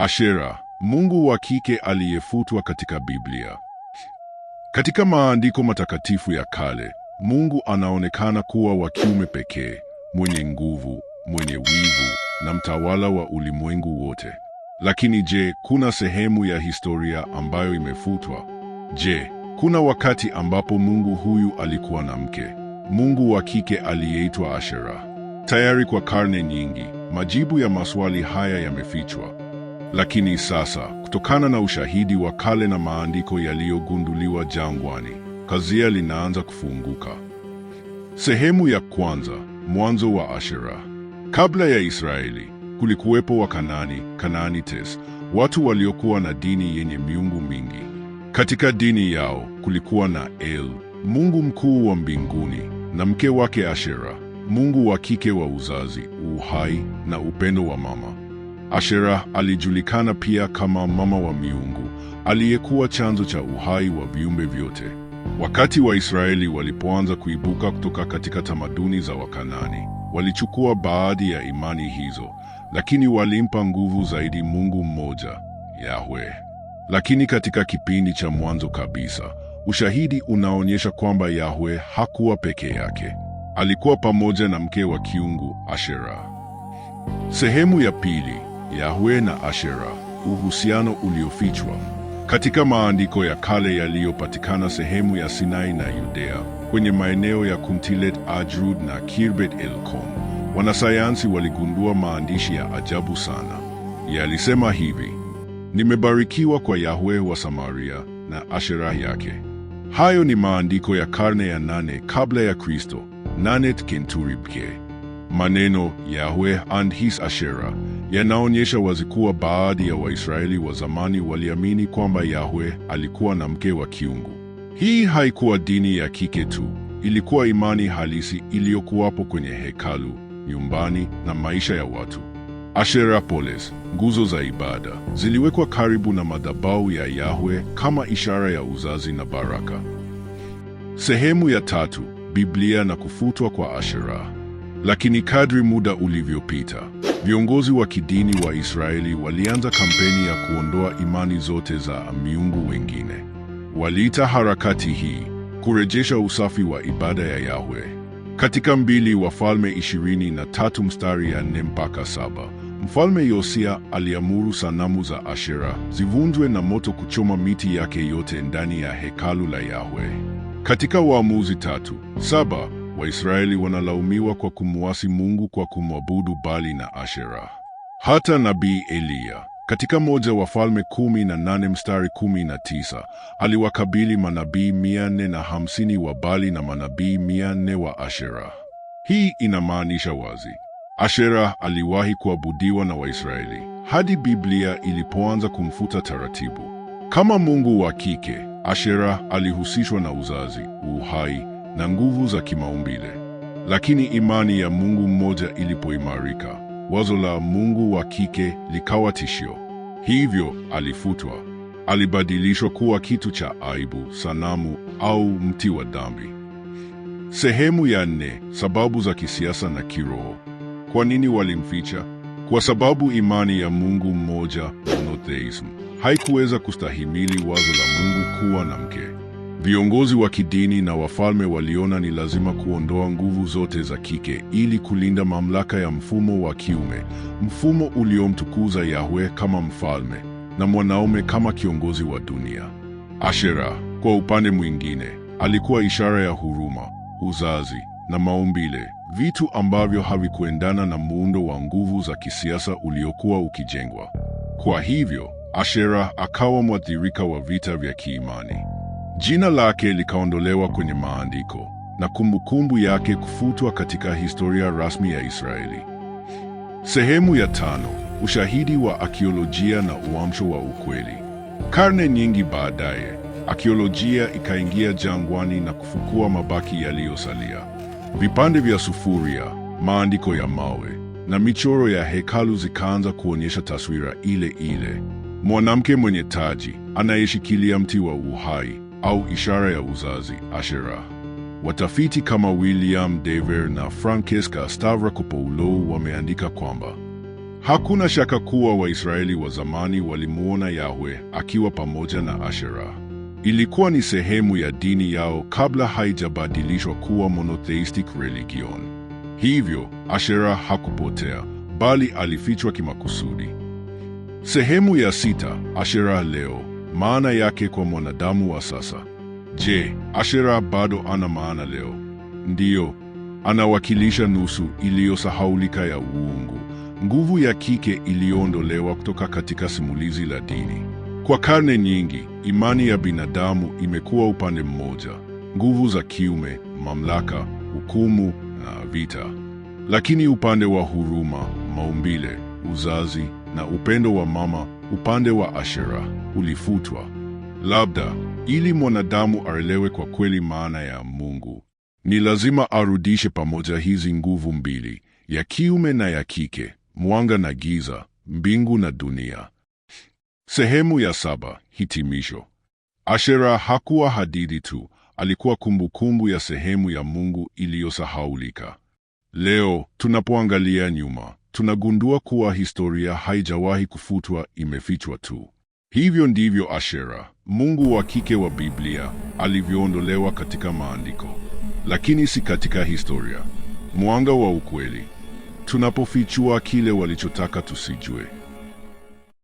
Ashera, mungu wa kike aliyefutwa katika Biblia. Katika maandiko matakatifu ya kale, Mungu anaonekana kuwa wa kiume pekee, mwenye nguvu, mwenye wivu na mtawala wa ulimwengu wote. Lakini je, kuna sehemu ya historia ambayo imefutwa? Je, kuna wakati ambapo Mungu huyu alikuwa na mke, Mungu wa kike aliyeitwa Ashera? Tayari kwa karne nyingi, majibu ya maswali haya yamefichwa. Lakini sasa, kutokana na ushahidi wa kale na maandiko yaliyogunduliwa jangwani, kazia linaanza kufunguka. Sehemu ya kwanza: mwanzo wa Ashera. Kabla ya Israeli kulikuwepo Wakanaani, Kanaanites, watu waliokuwa na dini yenye miungu mingi. Katika dini yao kulikuwa na El, mungu mkuu wa mbinguni, na mke wake Ashera, mungu wa kike wa uzazi, uhai na upendo wa mama. Ashera alijulikana pia kama mama wa miungu, aliyekuwa chanzo cha uhai wa viumbe vyote. Wakati Waisraeli walipoanza kuibuka kutoka katika tamaduni za Wakanani, walichukua baadhi ya imani hizo, lakini walimpa nguvu zaidi Mungu mmoja, Yahwe. Lakini katika kipindi cha mwanzo kabisa, ushahidi unaonyesha kwamba Yahwe hakuwa peke yake. Alikuwa pamoja na mke wa kiungu Ashera. Sehemu ya pili. Yahwe na Ashera, uhusiano uliofichwa. Katika maandiko ya kale yaliyopatikana sehemu ya Sinai na Yudea, kwenye maeneo ya Kuntilet Ajrud na Kirbet Elkom, wanasayansi waligundua maandishi ya ajabu sana. Yalisema hivi: nimebarikiwa kwa Yahwe wa Samaria na Ashera yake. Hayo ni maandiko ya karne ya nane kabla ya Kristo, Nanet Kenturibke. Maneno Yahweh and his Ashera yanaonyesha wazi kuwa baadhi ya Waisraeli wa zamani waliamini kwamba Yahweh alikuwa na mke wa kiungu. Hii haikuwa dini ya kike tu, ilikuwa imani halisi iliyokuwapo kwenye hekalu, nyumbani na maisha ya watu. Ashera poles, nguzo za ibada, ziliwekwa karibu na madhabahu ya Yahweh kama ishara ya uzazi na baraka. Sehemu ya tatu: Biblia na kufutwa kwa Ashera. Lakini kadri muda ulivyopita, viongozi wa kidini wa Israeli walianza kampeni ya kuondoa imani zote za miungu wengine. Waliita harakati hii kurejesha usafi wa ibada ya Yahwe. Katika mbili Wafalme 23 mstari ya 4 mpaka 7, Mfalme Yosia aliamuru sanamu za Ashera zivunjwe na moto kuchoma miti yake yote ndani ya hekalu la Yahwe. Katika Waamuzi tatu saba Waisraeli wanalaumiwa kwa kumwasi Mungu kwa kumwabudu Bali na Ashera. Hata nabii Eliya katika moja wa Falme kumi na nane mstari kumi na tisa aliwakabili manabii mia nne na hamsini wa Bali na manabii mia nne wa Ashera. Hii inamaanisha wazi Ashera aliwahi kuabudiwa na Waisraeli hadi Biblia ilipoanza kumfuta taratibu. Kama mungu wa kike, Ashera alihusishwa na uzazi, uhai na nguvu za kimaumbile. Lakini imani ya Mungu mmoja ilipoimarika, wazo la Mungu wa kike likawa tishio. Hivyo alifutwa, alibadilishwa kuwa kitu cha aibu, sanamu au mti wa dhambi. Sehemu ya nne: sababu za kisiasa na kiroho. Kwa nini walimficha? Kwa sababu imani ya Mungu mmoja monotheism haikuweza kustahimili wazo la Mungu kuwa na mke. Viongozi wa kidini na wafalme waliona ni lazima kuondoa nguvu zote za kike ili kulinda mamlaka ya mfumo wa kiume, mfumo uliomtukuza yahwe kama mfalme na mwanaume kama kiongozi wa dunia. Ashera, kwa upande mwingine, alikuwa ishara ya huruma, uzazi na maumbile, vitu ambavyo havikuendana na muundo wa nguvu za kisiasa uliokuwa ukijengwa. Kwa hivyo, Ashera akawa mwathirika wa vita vya kiimani. Jina lake likaondolewa kwenye maandiko na kumbukumbu yake kufutwa katika historia rasmi ya Israeli. Sehemu ya tano: ushahidi wa akiolojia na uamsho wa ukweli. Karne nyingi baadaye, akiolojia ikaingia jangwani na kufukua mabaki yaliyosalia. Vipande vya sufuria, maandiko ya mawe na michoro ya hekalu zikaanza kuonyesha taswira ile ile: mwanamke mwenye taji anayeshikilia mti wa uhai au ishara ya uzazi Ashera. Watafiti kama William Dever na Francesca Stavrakopoulou wameandika kwamba hakuna shaka kuwa Waisraeli wa zamani walimuona Yahwe akiwa pamoja na Ashera. Ilikuwa ni sehemu ya dini yao kabla haijabadilishwa kuwa monotheistic religion. Hivyo Ashera hakupotea bali alifichwa kimakusudi. Sehemu ya sita: Ashera leo maana yake kwa mwanadamu wa sasa. Je, Ashera bado ana maana leo? Ndiyo, anawakilisha nusu iliyosahaulika ya uungu, nguvu ya kike iliyoondolewa kutoka katika simulizi la dini. Kwa karne nyingi, imani ya binadamu imekuwa upande mmoja, nguvu za kiume, mamlaka, hukumu na vita, lakini upande wa huruma, maumbile, uzazi na upendo wa mama upande wa Ashera ulifutwa, labda ili mwanadamu aelewe kwa kweli maana ya Mungu ni lazima arudishe pamoja hizi nguvu mbili, ya kiume na ya kike, mwanga na giza, mbingu na dunia. Sehemu ya saba. Hitimisho. Ashera hakuwa hadithi tu, alikuwa kumbukumbu ya sehemu ya Mungu iliyosahaulika. Leo tunapoangalia nyuma, tunagundua kuwa historia haijawahi kufutwa, imefichwa tu. Hivyo ndivyo Ashera, mungu wa kike wa Biblia, alivyoondolewa katika maandiko, lakini si katika historia. Mwanga wa ukweli, tunapofichua kile walichotaka tusijue.